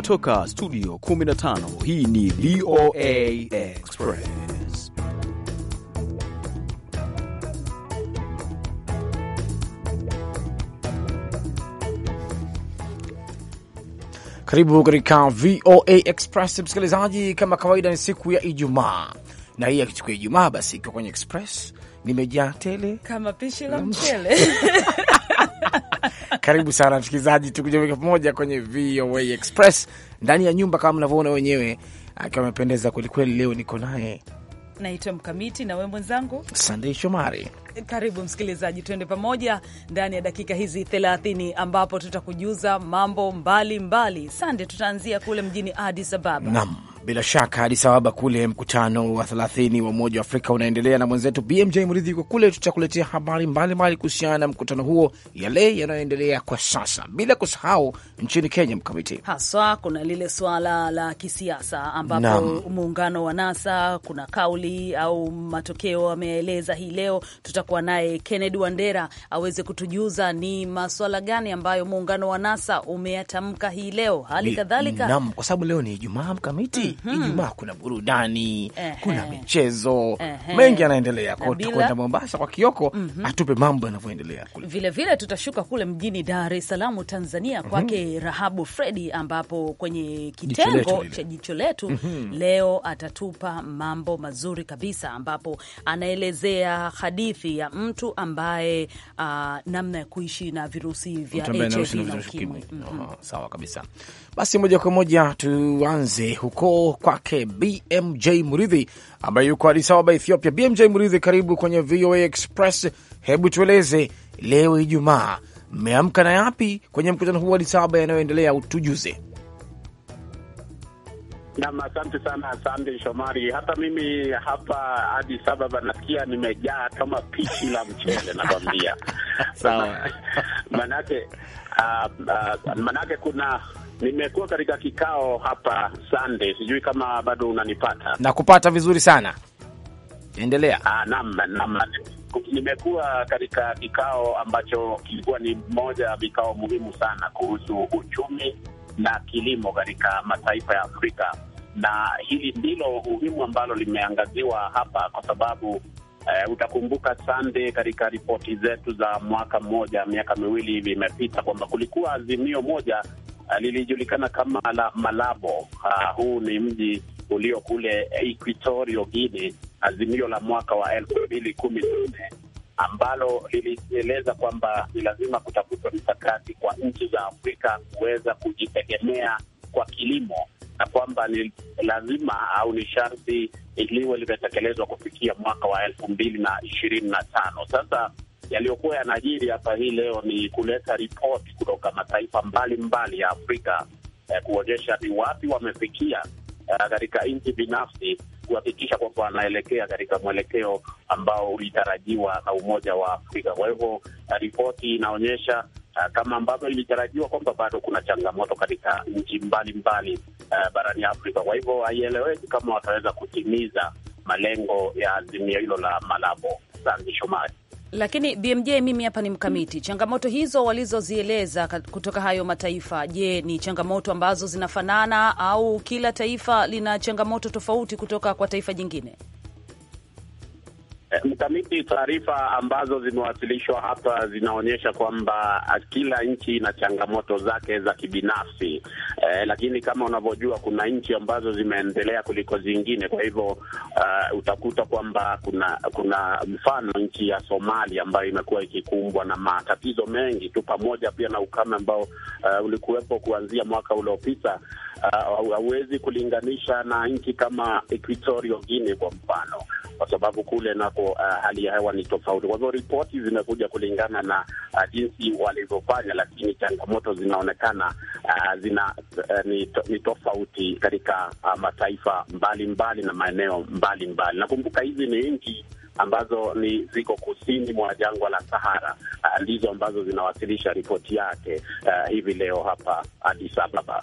kutoka studio 15 hii ni VOA Express. Karibu katika VOA Express msikilizaji, kama kawaida ni siku ya Ijumaa na hii akichukua Ijumaa basi ikiwa kwenye Express nimejaa tele kama pishi la mchele Karibu sana msikilizaji, tukujaweka pamoja kwenye VOA Express ndani ya nyumba kama mnavyoona wenyewe, akiwa amependeza kwelikweli. Leo niko naye naitwa Mkamiti na we mwenzangu Sandei Shomari. Karibu msikilizaji, tuende pamoja ndani ya dakika hizi 30 ambapo tutakujuza mambo mbalimbali. Sande, tutaanzia kule mjini Addis Ababa. Naam. Bila shaka hadi sababa kule mkutano wa 30 wa Umoja wa Afrika unaendelea, na mwenzetu BMJ Mridhi yuko kule. Tutakuletea habari mbalimbali kuhusiana na mkutano huo, yale yanayoendelea kwa sasa, bila kusahau nchini Kenya mkamiti haswa, kuna lile swala la kisiasa ambapo muungano wa NASA kuna kauli au matokeo ameeleza hii leo. Tutakuwa naye Kennedy Wandera aweze kutujuza ni maswala gani ambayo muungano wa NASA umeyatamka hii leo, hali kadhalika kwa sababu leo ni Ijumaa mkamiti Ijumaa kuna burudani kuna michezo mengi yanaendelea kwao. Tutakwenda Mombasa kwa Kioko mm -hmm. atupe mambo yanavyoendelea kule. Vilevile tutashuka kule mjini Dar es Salaam Tanzania mhm. kwake mm -hmm. Rahabu Fredi, ambapo kwenye kitengo cha jicho letu mm -hmm. leo atatupa mambo mazuri kabisa, ambapo anaelezea hadithi ya mtu ambaye uh, namna ya kuishi na virusi vya HIV na ukimwi. Mhm. Sawa kabisa. Basi moja kwa moja tuanze huko kwake BMJ Muridhi ambaye yuko Addis Ababa, Ethiopia. BMJ Muridhi, karibu kwenye VOA Express. Hebu tueleze leo Ijumaa, mmeamka na yapi kwenye mkutano huu wa Addis Ababa yanayoendelea? Utujuze. Nam, asante sana Sande Shomari. Hata mimi hapa Addis Ababa nasikia nimejaa kama pishi la mchele nakwambia. Sawa, manake uh, ah, uh, ah, manake kuna Nimekuwa katika kikao hapa sande sijui kama bado unanipata. Nakupata vizuri sana, endelea. Ah, nimekuwa katika kikao ambacho kilikuwa ni moja ya vikao muhimu sana kuhusu uchumi na kilimo katika mataifa ya Afrika, na hili ndilo muhimu ambalo limeangaziwa hapa, kwa sababu eh, utakumbuka Sande, katika ripoti zetu za mwaka mmoja miaka miwili hivi imepita, kwamba kulikuwa azimio moja Ah, lilijulikana kama la Malabo. Uh, huu ni mji ulio kule Equatorio Guine, azimio la mwaka wa elfu mbili kumi na nne ambalo lilieleza kwamba ni lazima kutafutwa mikakati kwa nchi za Afrika kuweza kujitegemea kwa kilimo na kwamba ni lazima au ni sharti iliwe limetekelezwa kufikia mwaka wa elfu mbili na ishirini na tano. Sasa yaliyokuwa yanajiri hapa hii leo ni kuleta ripoti kutoka mataifa mbalimbali mbali ya Afrika eh, kuonyesha ni wapi wamefikia eh, katika eh, nchi binafsi kuhakikisha kwamba wanaelekea katika mwelekeo ambao ulitarajiwa na Umoja wa Afrika. Kwa hivyo eh, ripoti inaonyesha uh, kama ambavyo ilitarajiwa kwamba bado kuna changamoto katika nchi mbalimbali uh, barani Afrika. Kwa hivyo haieleweki kama wataweza kutimiza malengo ya azimio hilo la Malabo. Sandi Shomari. Lakini BMJ, mimi hapa ni mkamiti. Changamoto hizo walizozieleza kutoka hayo mataifa, je, ni changamoto ambazo zinafanana au kila taifa lina changamoto tofauti kutoka kwa taifa jingine? Eh, mkamiti, taarifa ambazo zimewasilishwa hapa zinaonyesha kwamba eh, kila nchi ina changamoto zake za kibinafsi eh, lakini kama unavyojua kuna nchi ambazo zimeendelea kuliko zingine. Kwa hivyo uh, utakuta kwamba kuna kuna mfano nchi ya Somalia ambayo imekuwa ikikumbwa na matatizo mengi tu, pamoja pia na ukame ambao uh, ulikuwepo kuanzia mwaka uliopita Ah, hauwezi uh, kulinganisha na nchi kama Equatorial Guinea kwa mfano, kwa sababu kule nako uh, hali ya hewa ni tofauti. Kwa hivyo ripoti zimekuja kulingana na uh, jinsi walivyofanya, lakini changamoto zinaonekana uh, zina uh, ni, to, ni tofauti katika uh, mataifa mbalimbali mbali na maeneo mbalimbali. Nakumbuka hizi ni nchi ambazo ni ziko kusini mwa jangwa la Sahara ndizo uh, ambazo zinawasilisha ripoti yake uh, hivi leo hapa Addis Ababa.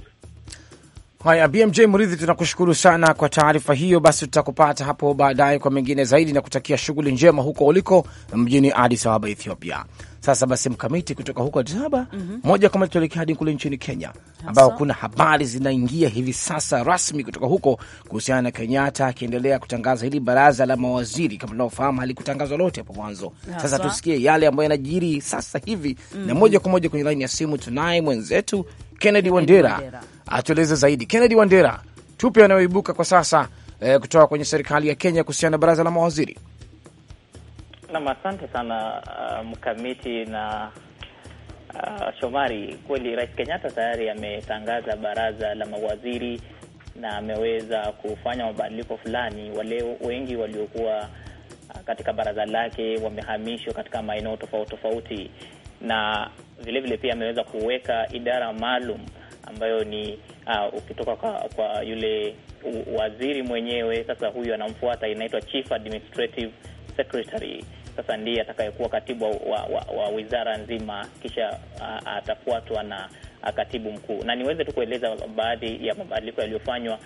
Haya, BMJ Mridhi, tunakushukuru sana kwa taarifa hiyo. Basi tutakupata hapo baadaye kwa mengine zaidi, na kutakia shughuli njema huko uliko mjini Adis Ababa, Ethiopia. Sasa basi, mkamiti kutoka huko Adis Ababa mm -hmm. moja kwa moja tuelekea hadi kule nchini Kenya ambao kuna habari zinaingia hivi sasa rasmi kutoka huko kuhusiana na Kenyatta akiendelea kutangaza hili baraza la mawaziri. Kama tunavyofahamu, halikutangazwa lote hapo mwanzo. Sasa tusikie yale ambayo yanajiri sasa hivi mm -hmm. na mhm. moja kwa moja kwenye laini ya simu tunaye mwenzetu Kennedy Wandera atueleze zaidi. Kennedy Wandera, tupe yanayoibuka kwa sasa eh, kutoka kwenye serikali ya Kenya kuhusiana na baraza la mawaziri. Nam, asante sana mkamiti uh, mkamiti na uh, Shomari. Kweli Rais Kenyatta tayari ametangaza baraza la mawaziri na ameweza kufanya mabadiliko fulani. Wale wengi waliokuwa uh, katika baraza lake wamehamishwa katika maeneo tofauti tofauti, na vilevile pia ameweza kuweka idara maalum ambayo ni uh, ukitoka kwa, kwa yule waziri mwenyewe. Sasa huyu anamfuata, inaitwa Chief Administrative Secretary. Sasa ndiye atakayekuwa katibu wa, wa, wa, wa wizara nzima, kisha uh, atafuatwa na uh, katibu mkuu. Na niweze tu kueleza baadhi ya mabadiliko yaliyofanywa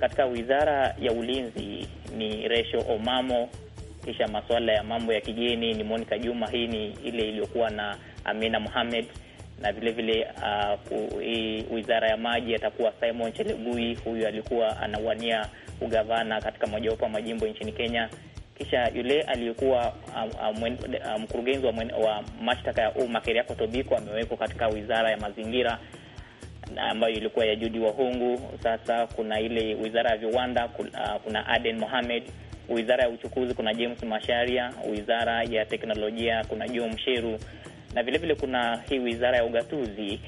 katika wizara ya ulinzi ni Resho Omamo, kisha masuala ya mambo ya kigeni ni Monica Juma. Hii ni ile iliyokuwa na Amina Mohamed na vilevile vile uh, wizara ya maji atakuwa Simon Chelugui. Huyu alikuwa anawania ugavana katika mojawapo ya majimbo nchini Kenya. Kisha yule aliyekuwa mkurugenzi um, um, um, wa mashtaka ya umma Keriako Tobiko amewekwa katika wizara ya mazingira ambayo ilikuwa ya Judi Wahungu. Sasa kuna ile wizara ya viwanda, uh, kuna Aden Mohamed. Wizara ya uchukuzi kuna James Masharia. Wizara ya teknolojia kuna Joe Msheru na vilevile kuna hii wizara ya ugatuzi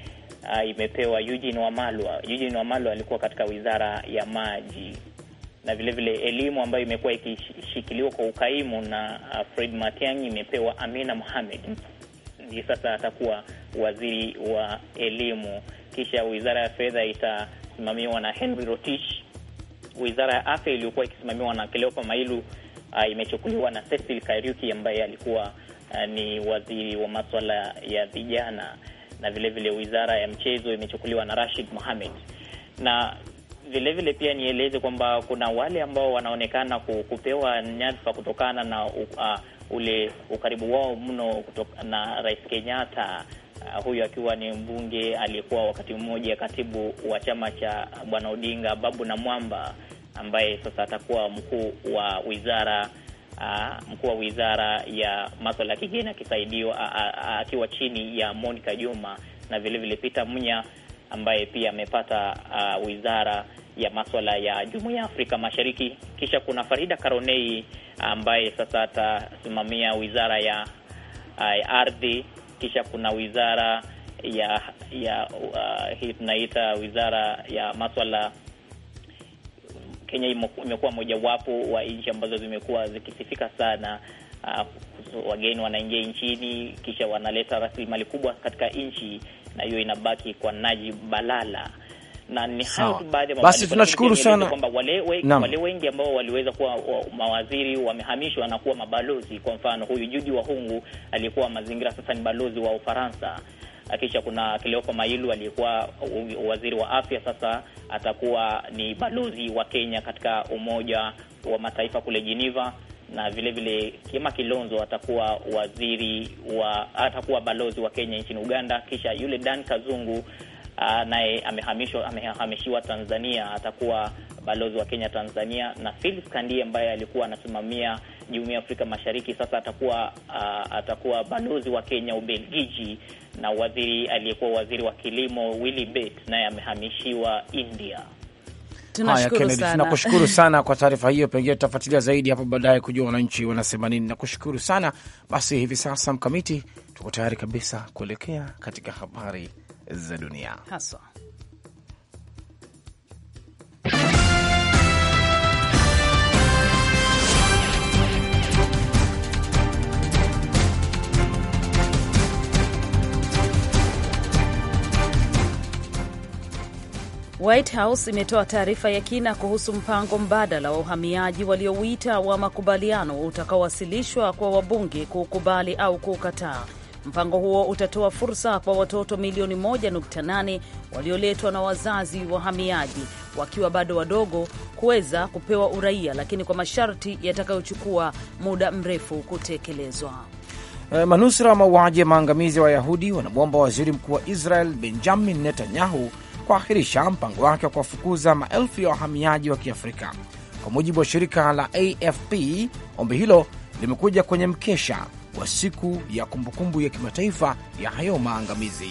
uh, imepewa Eugene Wamalwa. Eugene Wamalwa alikuwa katika wizara ya maji na vilevile vile elimu ambayo imekuwa ikishikiliwa kwa ukaimu na ah, Fred Matiang'i imepewa Amina Mohamed, ndiye sasa atakuwa waziri wa elimu. Kisha wizara ya fedha itasimamiwa na Henry Rotich. Wizara ya afya iliyokuwa ikisimamiwa na Cleopa Mailu ah, imechukuliwa na Cecil Kairuki ambaye alikuwa Eh, ni waziri wa maswala ya vijana, na vilevile vile wizara ya mchezo imechukuliwa na Rashid Mohamed. Na vilevile vile pia nieleze kwamba kuna wale ambao wanaonekana kupewa nyadhifa kutokana na uh, ule ukaribu wao mno kutoka na Rais Kenyatta. Uh, huyu akiwa ni mbunge aliyekuwa wakati mmoja katibu wa chama cha Bwana Odinga, Babu na Mwamba, ambaye sasa atakuwa mkuu wa wizara Ah, mkuu wa wizara ya maswala ya kigeni akisaidiwa akiwa chini ya Monica Juma na vilevile Peter Munya ambaye pia amepata wizara ya maswala ya jumuiya ya Afrika Mashariki. Kisha kuna Farida Karonei ambaye sasa atasimamia wizara ya ardhi. Kisha kuna wizara ya ya uh, hii tunaita wizara ya maswala Kenya imekuwa mojawapo wa nchi ambazo zimekuwa zikisifika sana uh, wageni wanaingia nchini kisha wanaleta rasilimali kubwa katika nchi, na hiyo inabaki kwa naji balala na ni hayo tu baadhi ya basi. Tunashukuru sana kwamba wale, we, wale wengi ambao waliweza kuwa wa, mawaziri wamehamishwa na kuwa mabalozi. Kwa mfano huyu Judi Wahungu aliyekuwa mazingira, sasa ni balozi wa Ufaransa. Kisha kuna kileoko Mailu aliyekuwa waziri wa afya, sasa atakuwa ni balozi wa Kenya katika Umoja wa Mataifa kule Geneva, na vile vile Kima Kilonzo atakuwa waziri wa atakuwa balozi wa Kenya nchini Uganda. Kisha yule Dan Kazungu naye amehamishwa amehamishiwa Tanzania, atakuwa balozi wa Kenya Tanzania, na Philip Kandie ambaye alikuwa anasimamia jumuiya ya Afrika Mashariki, sasa atakuwa uh, atakuwa balozi wa Kenya Ubelgiji, na waziri aliyekuwa waziri wa kilimo Willy Bett naye amehamishiwa India. Tunakushukuru sana kwa taarifa hiyo, pengine tutafuatilia zaidi hapo baadaye kujua wananchi wanasema nini. Nakushukuru sana. Basi hivi sasa, Mkamiti, tuko tayari kabisa kuelekea katika habari za dunia haswa White House imetoa taarifa ya kina kuhusu mpango mbadala wa uhamiaji waliouita wa makubaliano utakaowasilishwa kwa wabunge kuukubali au kuukataa. Mpango huo utatoa fursa kwa watoto milioni 1.8 walioletwa na wazazi wahamiaji wakiwa bado wadogo kuweza kupewa uraia, lakini kwa masharti yatakayochukua muda mrefu kutekelezwa. Eh, manusura mauaji ya maangamizi ya Wayahudi wanamwomba waziri mkuu wa Israel Benjamin Netanyahu kuahirisha mpango wake wa kuwafukuza maelfu ya wahamiaji wa Kiafrika. Kwa mujibu wa shirika la AFP, ombi hilo limekuja kwenye mkesha wa siku ya kumbukumbu ya kimataifa ya hayo maangamizi.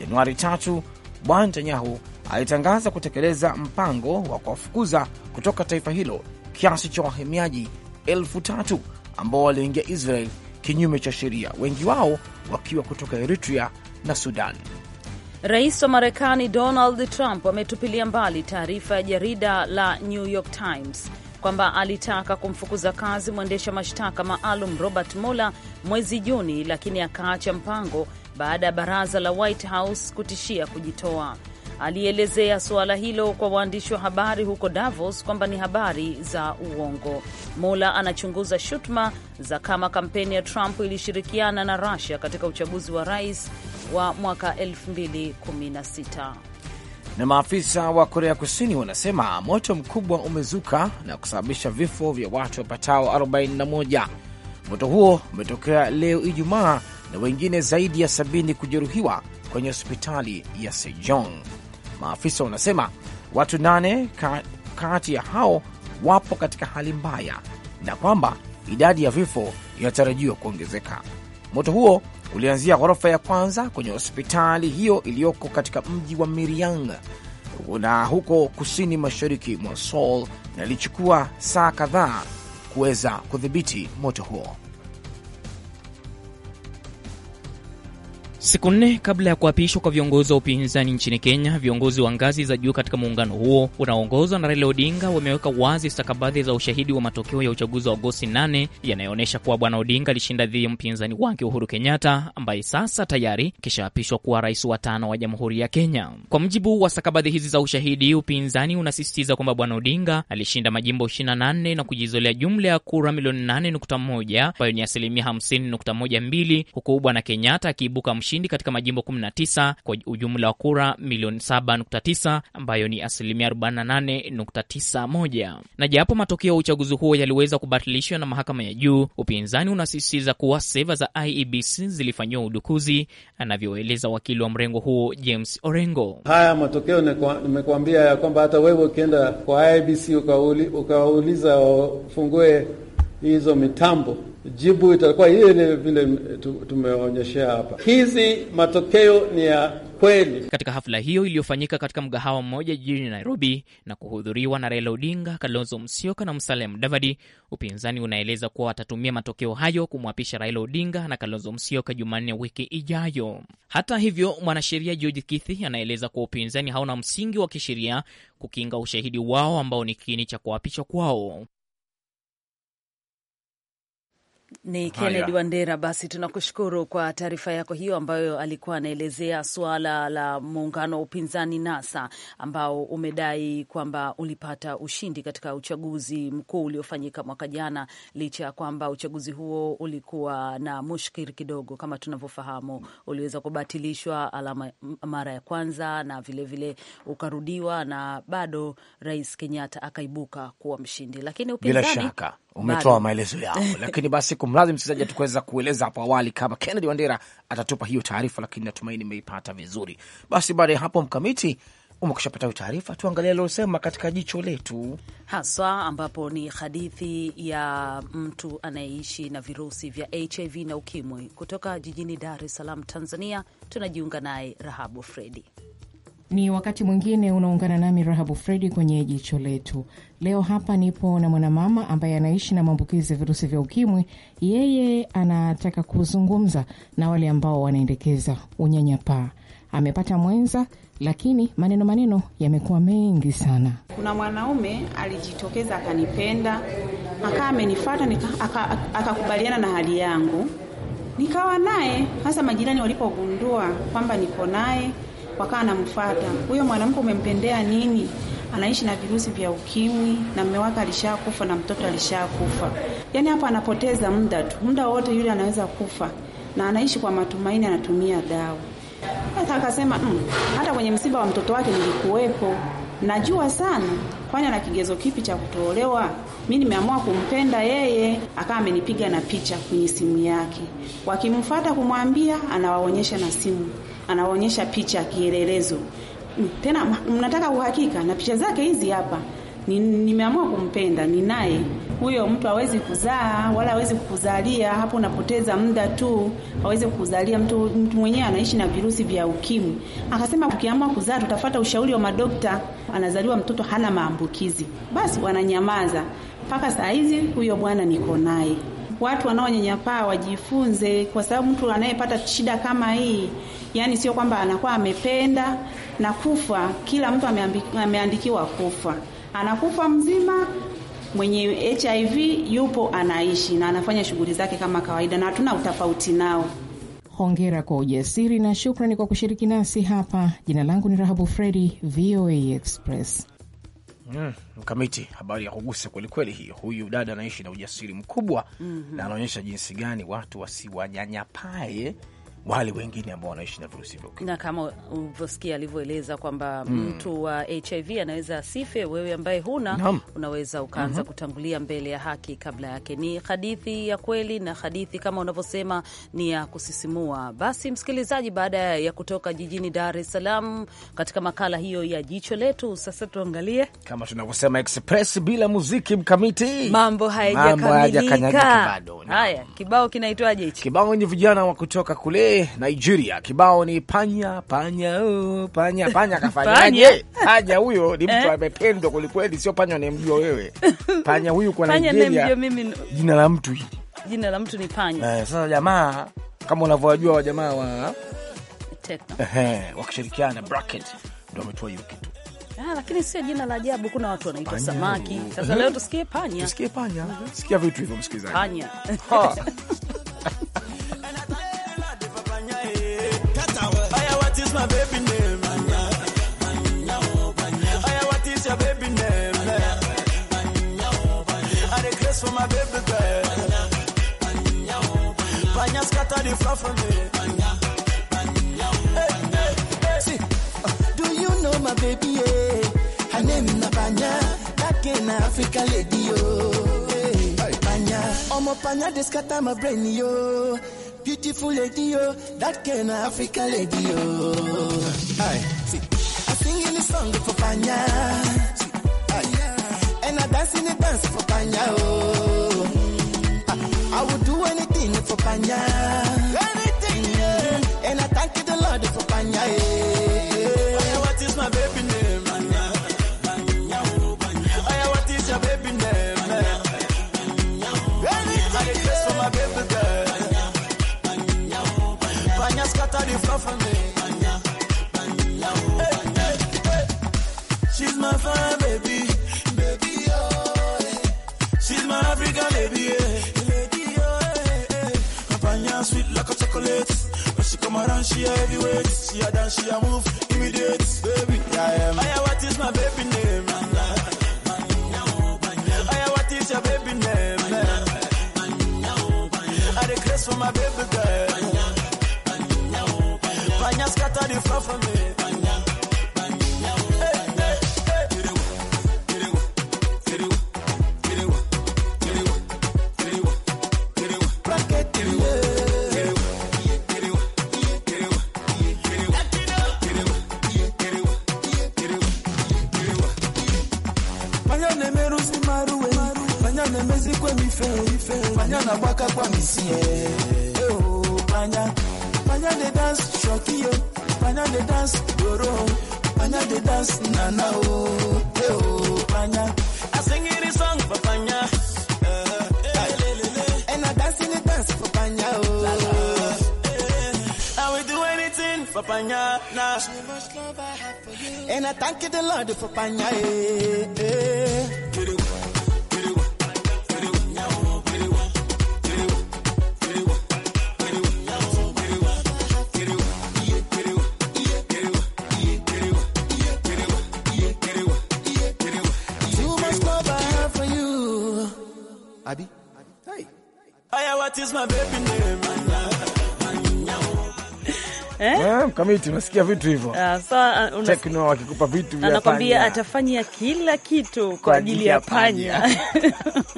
Januari tatu, Bwana Netanyahu alitangaza kutekeleza mpango wa kuwafukuza kutoka taifa hilo kiasi cha wahamiaji elfu tatu ambao waliingia Israel kinyume cha sheria, wengi wao wakiwa kutoka Eritrea na Sudan. Rais wa Marekani Donald Trump ametupilia mbali taarifa ya jarida la New York Times kwamba alitaka kumfukuza kazi mwendesha mashtaka maalum Robert Mueller mwezi Juni, lakini akaacha mpango baada ya baraza la White House kutishia kujitoa alielezea suala hilo kwa waandishi wa habari huko Davos kwamba ni habari za uongo. Mula anachunguza shutuma za kama kampeni ya Trump ilishirikiana na rasia katika uchaguzi wa rais wa mwaka 2016. Na maafisa wa Korea Kusini wanasema moto mkubwa umezuka na kusababisha vifo vya watu wapatao 41. Moto huo umetokea leo Ijumaa na wengine zaidi ya 70 kujeruhiwa kwenye hospitali ya Sejong. Maafisa wanasema watu nane kati ya hao wapo katika hali mbaya na kwamba idadi ya vifo inatarajiwa kuongezeka. Moto huo ulianzia ghorofa ya kwanza kwenye hospitali hiyo iliyoko katika mji wa Miriang na huko kusini mashariki mwa Seoul, na ilichukua saa kadhaa kuweza kudhibiti moto huo. Siku nne kabla ya kuapishwa kwa viongozi wa upinzani nchini Kenya, viongozi wa ngazi za juu katika muungano huo unaoongozwa na Raila Odinga wameweka wazi stakabadhi za ushahidi wa matokeo ya uchaguzi wa Agosti 8 yanayoonyesha kuwa Bwana Odinga alishinda dhidi ya mpinzani wake Uhuru Kenyatta, ambaye sasa tayari kishaapishwa kuwa rais wa tano wa Jamhuri ya Kenya. Kwa mujibu wa stakabadhi hizi za ushahidi, upinzani unasisitiza kwamba Bwana Odinga alishinda majimbo 28 na kujizolea jumla ya kura milioni 8.1 ambayo ni asilimia 50.12, huku Bwana Kenyatta akiibuka ushindi katika majimbo 19 kwa ujumla wa kura milioni 7.9 ambayo ni asilimia 48.91. Na japo matokeo ya uchaguzi huo yaliweza kubatilishwa na mahakama ya juu, upinzani unasisitiza kuwa seva za IEBC zilifanyiwa udukuzi, anavyoeleza wakili wa mrengo huo James Orengo. Haya matokeo nimekuambia ya kwamba hata wewe ukienda kwa IEBC ukawauliza ufungue hizo mitambo, jibu itakuwa ile ile vile tumeonyeshea hapa. Hizi matokeo ni ya kweli. Katika hafla hiyo iliyofanyika katika mgahawa mmoja jijini Nairobi na kuhudhuriwa na Raila Odinga, Kalonzo Musyoka na Musalia Mudavadi, upinzani unaeleza kuwa watatumia matokeo hayo kumwapisha Raila Odinga na Kalonzo Musyoka Jumanne wiki ijayo. Hata hivyo, mwanasheria George Kithi anaeleza kuwa upinzani hauna msingi wa kisheria kukinga ushahidi wao ambao ni kiini cha kuapishwa kwao. Ni Kennedy Wandera, basi tunakushukuru kwa taarifa yako hiyo, ambayo alikuwa anaelezea suala la muungano wa upinzani NASA ambao umedai kwamba ulipata ushindi katika uchaguzi mkuu uliofanyika mwaka jana, licha ya kwamba uchaguzi huo ulikuwa na mushkiri kidogo. Kama tunavyofahamu, uliweza kubatilishwa alama mara ya kwanza na vilevile vile ukarudiwa, na bado Rais Kenyatta akaibuka kuwa mshindi, lakini upinzani Umetoa maelezo yao lakini basi, kumradhi msikilizaji, hatukuweza kueleza hapo awali kama Kennedy Wandera atatupa hiyo taarifa, lakini natumaini imeipata vizuri. Basi baada ya hapo, mkamiti umekushapata hiyo taarifa, tuangalie aliosema katika jicho letu haswa, ambapo ni hadithi ya mtu anayeishi na virusi vya HIV na ukimwi kutoka jijini Dar es Salaam, Tanzania. Tunajiunga naye Rahabu Fredi. Ni wakati mwingine unaungana nami Rahabu Fredi kwenye jicho letu. Leo hapa nipo na mwanamama ambaye anaishi na maambukizi ya virusi vya ukimwi. Yeye anataka kuzungumza na wale ambao wanaendekeza unyanyapaa. Amepata mwenza, lakini maneno maneno yamekuwa mengi sana. Kuna mwanaume alijitokeza akanipenda, akaa amenifata akakubaliana na hali yangu, nikawa naye. Hasa majirani walipogundua kwamba niko naye wakawa anamfata huyo mwanamke, umempendea nini? Anaishi na virusi vya ukimwi na mume wake alishakufa na mtoto alishakufa. Yaani hapa anapoteza muda tu, muda wote yule anaweza kufa, na anaishi kwa matumaini, anatumia dawa. Hata akasema mm, hata kwenye msiba wa mtoto wake nilikuwepo najua sana, kwani ana kigezo kipi cha kutoolewa? Mi nimeamua kumpenda yeye, akawa amenipiga na picha kwenye simu yake. wakimfata kumwambia, anawaonyesha na simu, anawaonyesha picha kielelezo. Mm, tena mnataka uhakika na picha zake hizi hapa nimeamua ni kumpenda, ni naye huyo mtu. Hawezi kuzaa wala hawezi kukuzalia, hapo unapoteza muda tu. Hawezi kukuzalia mtu, mtu mwenyewe anaishi na virusi vya ukimwi. Akasema ukiamua kuzaa tutafata ushauri wa madokta, anazaliwa mtoto hana maambukizi. Basi wananyamaza mpaka saa hizi, huyo bwana niko naye. Watu wanaonyanyapaa wajifunze, kwa sababu mtu anayepata shida kama hii yani sio kwamba anakuwa amependa na kufa. Kila mtu ameandikiwa kufa anakufa mzima mwenye HIV yupo anaishi na anafanya shughuli zake kama kawaida, na hatuna utofauti nao. Hongera kwa ujasiri na shukrani kwa kushiriki nasi hapa. Jina langu ni Rahabu Fredi, VOA Express. Mm, mkamiti habari ya kugusa kwelikweli hii. Huyu dada anaishi na ujasiri mkubwa mm -hmm. na anaonyesha jinsi gani watu wasiwanyanyapae wale wengine ambao wanaishi na virusi vya ukimwi. Na kama ulivyosikia alivyoeleza kwamba mm. mtu wa HIV anaweza asife, wewe ambaye huna Naam. unaweza ukaanza mm -hmm. kutangulia mbele ya haki kabla yake. Ni hadithi ya kweli na hadithi kama unavyosema ni ya kusisimua. Basi msikilizaji, baada ya kutoka jijini Dar es Salaam katika makala hiyo ya jicho letu, sasa tuangalie kama tunavyosema express bila muziki mkamiti, mambo hayajakamilika. Haya, kibao kinaitwaje hichi? Kibao ni vijana wa kutoka kule Nigeria. Kibao ni panya panya, oh, panya panya kafanyaje? Haja huyo ni mtu eh? amependwa kwelikweli, sio panya unayemjua wewe. Panya huyu kwa Nigeria, jina la mtu hili, jina la mtu ni panya. Eh, sasa jamaa kama unavyowajua wa jamaa wa techno eh, wakishirikiana bracket ndio ametoa hiyo kitu. Ah, lakini sio jina la ajabu. Kuna watu wanaitwa samaki. Sasa leo tusikie panya, tusikie panya, sikia vitu hivyo msikilizaji, panya my baby name? Aya, what is your baby name? I regress for my baby girl. Panya scatter the floor for me. Hey, hey, hey. See, uh, do you know my baby? Eh? Her name is Napanya. That in Africa lady, yo. Oh. Hey, Panya. Omo Panya, they scatter my brain, yo beautiful lady, oh, that kind of African lady, oh. Aye. See, I sing in the song for Panya. See, aye. And I dance in the dance for Panya, oh. I, I would do anything for Panya. She a heavyweight, she a dance, she a move emezikwa m ife ife manya na-agbakakwa m isi eo eh. manya manya dey dance shokiyo Panya, de dance doro manya dey dance nana oh. o eo manya asingiri song for Panya, eh, eh, and I dancing the dance for manya o. Papanya, nah. And I thank you the Lord for Panya. Eh, eh. Eh? eh? Mkamiti unasikia vitu hivyo. Ah, ah, Tekno akikupa vitu vya anakwambia atafanya kila kitu kwa ajili ya panya.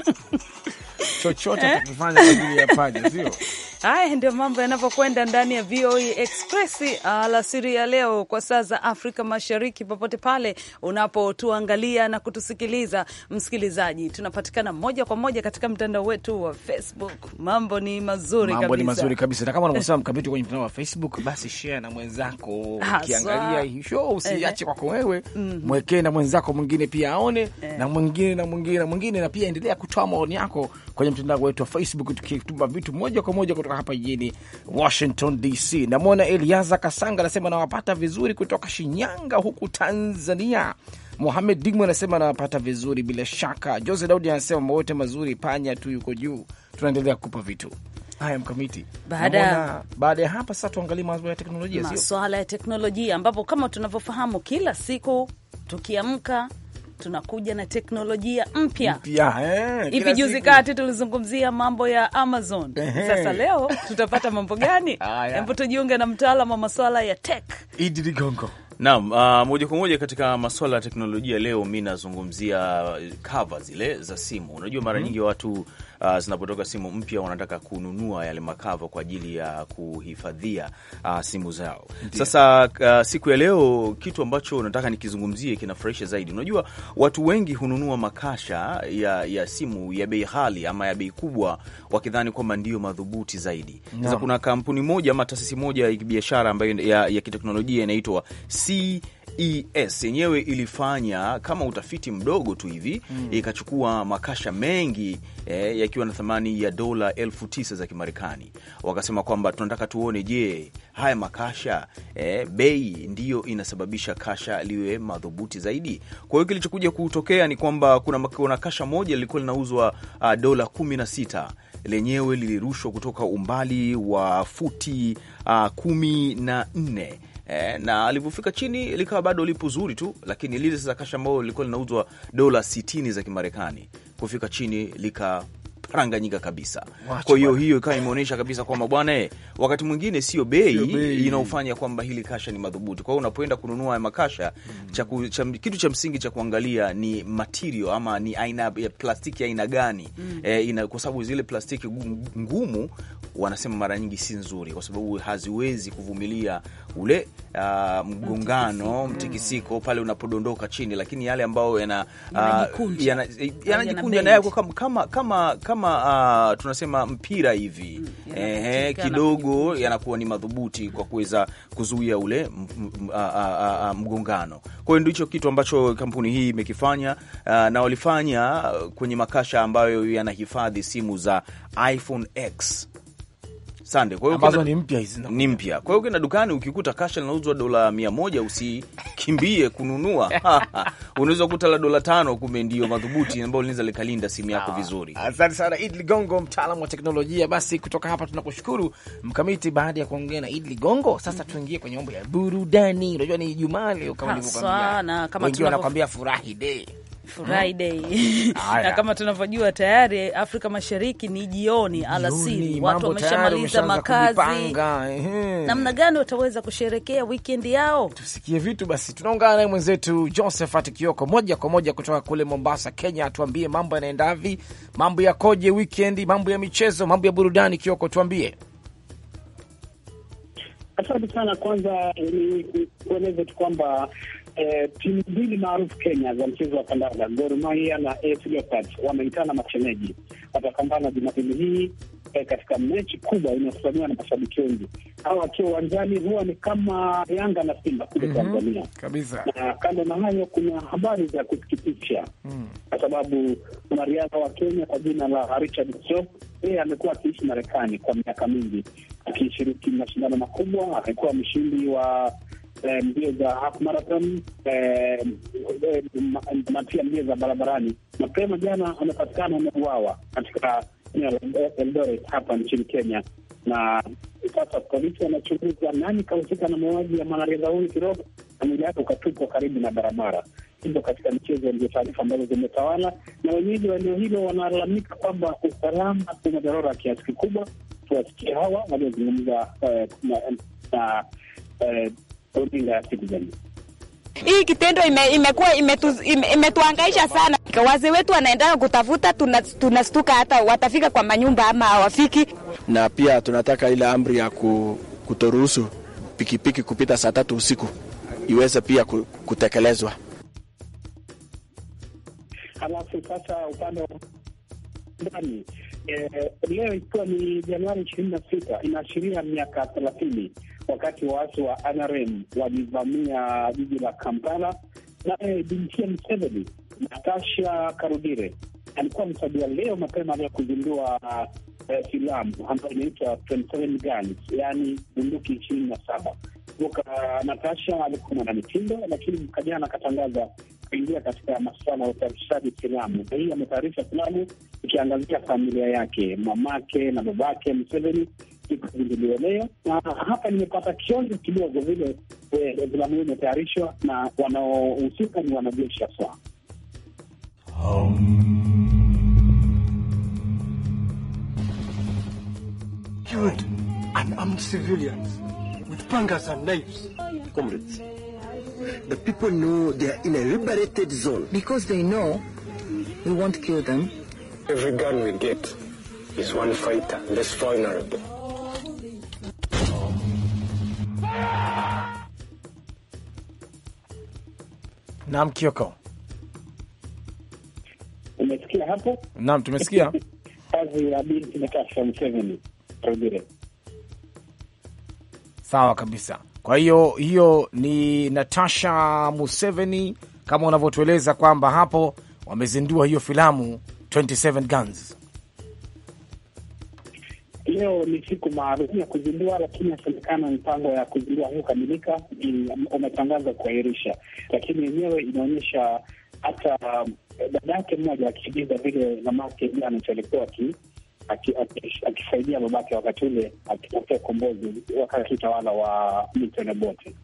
Chochote atakifanya kwa ajili ya panya, sio? Haya ndio mambo yanavyokwenda ndani ya VOA e Express uh, alasiri ya leo, kwa saa za Afrika Mashariki. Popote pale unapotuangalia na kutusikiliza, msikilizaji, tunapatikana moja kwa moja katika mtandao wetu wa Facebook. Mambo ni mazuri, mambo ni mazuri kabisa, na kama unavyosema mkabiti kwenye mtandao wa Facebook, basi share na mwenzako. Ukiangalia hii show usiache eh. kwako wewe, mhm. mwekee na mwenzako mwingine pia aone, eh. na mwingine na mwingine na mwingine, na pia endelea kutoa maoni yako kwenye mtandao wetu wa Facebook, tukituma vitu moja kwa moja kutoka kutoka hapa jijini Washington DC. Namwona Eliaza Kasanga anasema nawapata vizuri kutoka Shinyanga huku Tanzania. Mohamed Digmo anasema anawapata vizuri bila shaka. Jose Daudi anasema mawote mazuri, panya tu yuko juu. Tunaendelea kupa vitu haya mkamiti. Baada baada ya hapa sasa, tuangalie mambo ya teknolojia, maswala ya teknolojia ambapo kama tunavyofahamu kila siku tukiamka tunakuja na teknolojia mpya eh, hivi eh. Juzi kati tulizungumzia mambo ya Amazon eh. Sasa leo tutapata mambo gani? Hebu tujiunge na mtaalamu wa masuala ya tech Idi Ligongo. Naam, uh, moja kwa moja katika masuala ya teknolojia leo, mi nazungumzia kava uh, zile za simu. Unajua mara mhm. nyingi watu uh, zinapotoka simu mpya wanataka kununua yale makava kwa ajili ya kuhifadhia uh, simu zao Ndiyo. Sasa uh, siku ya leo kitu ambacho nataka nikizungumzie kinafurahisha zaidi. Unajua watu wengi hununua makasha ya, ya simu ya bei ghali ama ya bei kubwa wakidhani kwamba ndiyo madhubuti zaidi. Sasa kuna kampuni moja ama taasisi moja ya kibiashara ambayo ya, ya kiteknolojia inaitwa CES yenyewe ilifanya kama utafiti mdogo tu hivi mm. Ikachukua makasha mengi eh, yakiwa na thamani ya dola elfu tisa za Kimarekani. Wakasema kwamba tunataka tuone, je, haya makasha eh, bei ndiyo inasababisha kasha liwe madhubuti zaidi. Kwa hiyo kilichokuja kutokea ni kwamba kuna, kuna kasha moja lilikuwa linauzwa uh, dola kumi na sita lenyewe lilirushwa kutoka umbali wa futi uh, kumi na nne eh, na alivyofika chini likawa bado lipo zuri tu, lakini lile sasa kasha ambalo lilikuwa linauzwa dola 60 za Kimarekani, kufika chini lika Tanganyika kabisa. Kwa hiyo hiyo ikawa imeonyesha kabisa kwamba bwana, eh, wakati mwingine sio bei inaofanya kwamba hili kasha ni madhubuti. Kwa hiyo unapoenda kununua makasha mm cha cha, kitu cha msingi cha kuangalia ni material ama ni aina ya plastiki aina gani mm E, ina, kwa sababu zile plastiki ngumu wanasema mara nyingi si nzuri, kwa sababu haziwezi kuvumilia ule uh, mgongano mtikisiko mm. pale unapodondoka chini, lakini yale ambayo uh, yanajikunja yana, yana ah, eh, yana yana nayo kama, kama, kama kama uh, ah, tunasema mpira hivi mm, ehe, kidogo yanakuwa ni madhubuti kwa kuweza kuzuia ule mgongano. Kwa hiyo ndicho kitu ambacho kampuni hii imekifanya, uh, na walifanya kwenye makasha ambayo yanahifadhi simu za iPhone X Sande. Kwa hiyo ambazo ni mpya hizi, ni mpya. Kwa hiyo ukienda dukani ukikuta kasha linauzwa dola 100 usikimbie kununua unaweza kukuta la dola tano, kumbe ndio madhubuti ambayo linaweza likalinda simu yako ah, vizuri. Asante sana Idi Ligongo, mtaalamu wa teknolojia. Basi kutoka hapa tunakushukuru Mkamiti. Baada ya kuongea na Idi Ligongo, sasa tuingie kwenye mambo ya burudani. Unajua ni Ijumaa leo, kama nilivyokuambia, kama tunakwambia furahi day Friday na kama tunavyojua tayari Afrika Mashariki ni jioni, alasiri, watu wameshamaliza makazi. Namna gani wataweza kusherekea wikendi yao? Tusikie vitu basi. Tunaungana naye mwenzetu Josephat Kioko moja kwa moja kutoka kule Mombasa, Kenya, atuambie mambo yanaendavi, mambo yakoje wikendi, mambo ya michezo, mambo ya burudani. Kioko, tuambie. Asante sana. Kwanza ni kueleze tu kwamba eh, timu mbili maarufu Kenya za mchezo wa kandanda Gor Mahia na AFC Leopards wameitana mashemeji, watapambana Jumapili hii eh, katika mechi kubwa inayokusaniwa na mashabiki wengi. Hawa wakiwa uwanjani huwa ni kama Yanga na Simba kule mm -hmm. Tanzania kabisa. Na kando na hayo, kuna habari za kusikitisha mm. kwa sababu mwanariadha wa Kenya kwa jina la Richard Sop yeye amekuwa akiishi Marekani kwa miaka mingi akishiriki mashindano makubwa, amekuwa mshindi wa Eh, mbio za half marathon na eh, eh, pia mbio za barabarani. Mapema jana amepatikana ameuawa katika eneo la Eldoret hapa nchini Kenya, na sasa polisi wanachunguza nani kahusika na mauaji ya mwanariadha huyu Kiroba, na mwili wake ukatupwa karibu na barabara hizo. Katika michezo, ndio taarifa ambazo zimetawala, na wenyeji wa eneo hilo wanalalamika kwamba usalama umedorora kiasi kikubwa. Tuwasikie hawa waliozungumza na runinga ya Citizen. Hii kitendo imekuwa ime ime, imetuangaisha sana. Wazee wetu wanaenda kutafuta, tunastuka hata watafika kwa manyumba ama hawafiki. Na pia tunataka ile amri ya kutoruhusu pikipiki kupita saa tatu usiku iweze pia kutekelezwa. Halafu sasa upande wa ndani Eh, leo ikiwa ni Januari ishirini na sita inaashiria miaka thelathini wakati waasi wa NRM walivamia jiji la Kampala. Naye bintia Museveni, Natasha Karugire, alikuwa amesadia leo mapema ya kuzindua eh, filamu ambayo inaitwa 27 Guns, yaani bunduki ishirini na saba. Natasha alikuwa mwanamitindo, lakini mkajana akatangaza kuingia katika masuala ya utayarishaji filamu. na hii ametayarisha filamu ikiangazia familia yake, mamake na babake mseveni zinduliwe leo, na hapa nimepata kionjo kidogo vile eh, filamu hii imetayarishwa, na wanaohusika ni wanajeshi haswa. Killed the people know they are in a liberated zone. Because they know we won't kill them. Every gun we get is one fighter less vulnerable. Naam, Kioko, umesikia hapo? Naam, tumesikia kazi ya binti Natasha Museveni. Sawa kabisa. Kwa hiyo hiyo ni Natasha Museveni, kama unavyotueleza kwamba hapo wamezindua hiyo filamu 27 Guns. Leo ni siku maarufu ya kuzindua, lakini inasemekana mipango ya kuzindua hiyo kamilika umetangaza kuahirisha, lakini yenyewe inaonyesha hata eh, dada yake mmoja akiigiza vile mamake alikuwa akisaidia babake wakati ule akitafuta ukombozi wakati utawala wa Milton Obote.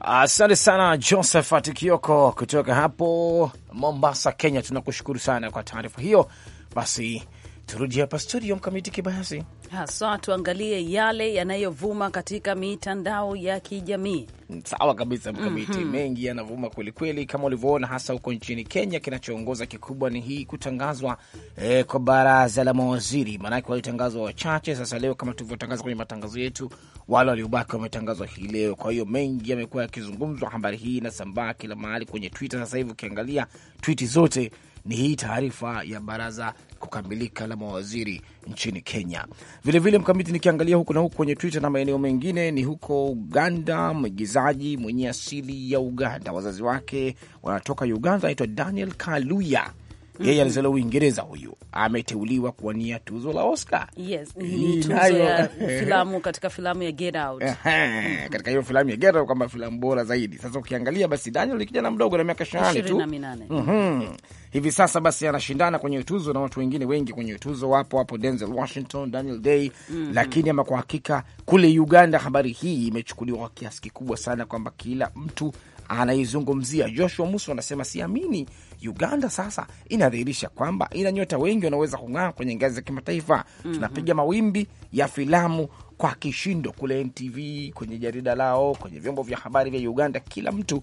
Asante sana Josephat Kioko kutoka hapo Mombasa, Kenya. Tunakushukuru sana kwa taarifa hiyo. Basi turudi hapa studio, Mkamiti Kibayasi haswa tuangalie yale yanayovuma katika mitandao ya kijamii. Sawa kabisa mkamiti. mm -hmm. Mengi yanavuma kwelikweli, kama ulivyoona, hasa huko nchini Kenya. Kinachoongoza kikubwa ni hii kutangazwa eh, kwa baraza la mawaziri, maanake walitangazwa wachache. Sasa leo, kama tulivyotangaza kwenye matangazo yetu, wale waliobaki wametangazwa hii leo. Kwa hiyo mengi yamekuwa yakizungumzwa, habari hii inasambaa kila mahali kwenye Twitter. Sasa hivi ukiangalia twiti zote ni hii taarifa ya baraza kukamilika la mawaziri nchini Kenya. Vilevile Mkamiti, nikiangalia huku na huku kwenye Twitter na maeneo mengine, ni huko Uganda. Mwigizaji mwenye asili ya Uganda, wazazi wake wanatoka Uganda, anaitwa Daniel Kaluya Mm-hmm. yeye mm -hmm. alizaliwa Uingereza, huyu ameteuliwa kuwania tuzo la Oscar. Yes, ni tuzo ya filamu katika filamu ya Get Out katika hiyo filamu ya Get Out kwamba filamu bora zaidi. Sasa ukiangalia basi Daniel ni kijana mdogo na miaka ishirini tu mm -hmm. hivi sasa basi anashindana kwenye tuzo na watu wengine wengi kwenye tuzo, wapo hapo Denzel Washington, Daniel Day mm -hmm. lakini ama kwa hakika kule Uganda habari hii imechukuliwa kwa kiasi kikubwa sana kwamba kila mtu anaizungumzia. Joshua Musu anasema siamini, Uganda sasa inadhihirisha kwamba ina nyota wengi wanaweza kung'aa kwenye ngazi za kimataifa. mm -hmm. Tunapiga mawimbi ya filamu kwa kishindo kule NTV, kwenye jarida lao, kwenye vyombo vya habari vya Uganda, kila mtu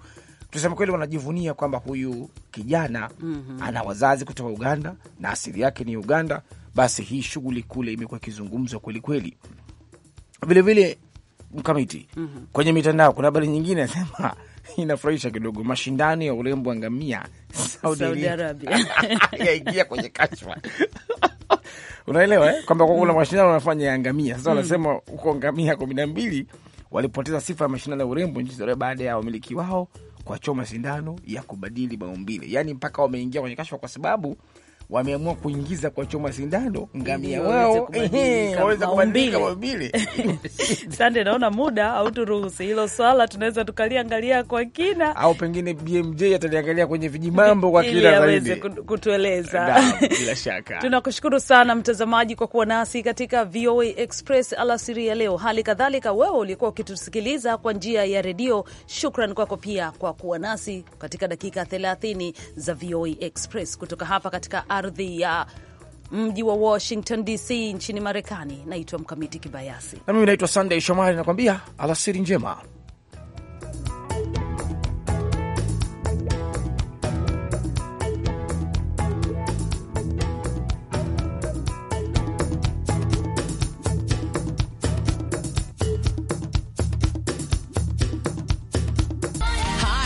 tuseme kweli, wanajivunia kwamba huyu kijana mm -hmm. ana wazazi kutoka Uganda na asili yake ni Uganda. Basi hii shughuli kule imekuwa ikizungumzwa kwelikweli, vilevile mkamiti mm -hmm. kwenye mitandao kuna habari nyingine nasema inafurahisha kidogo. Mashindano ya urembo wa ngamia Saudi, Saudi Arabia yaingia kwenye kashfa unaelewa eh? kwamba kuna mm. mashindano wanafanya ya ngamia sasa. Mm. Wanasema huko ngamia kumi na mbili walipoteza sifa ya mashindano ya urembo nchini Saudia baada ya wamiliki wao kuwachoma sindano ya kubadili maumbile, yaani mpaka wameingia kwenye kashfa kwa sababu wameamua kuingiza kwa choma sindano ngamia wao waweza kubadilika maumbile. Sande, naona muda hauturuhusi hilo swala, tunaweza tukaliangalia kwa kina, au pengine BMJ ataliangalia kwenye vijimambo kwa kina zaidi kutueleza bila shaka. Tunakushukuru sana mtazamaji kwa kuwa nasi katika VOA Express alasiri ya leo. Hali kadhalika wewe ulikuwa ukitusikiliza kwa njia ya redio, shukran kwako pia kwa kuwa nasi katika dakika 30 za VOA Express kutoka hapa katika ardhi ya mji wa Washington DC nchini Marekani. Naitwa Mkamiti Kibayasi na mimi naitwa Sunday Shomari, nakwambia alasiri njema.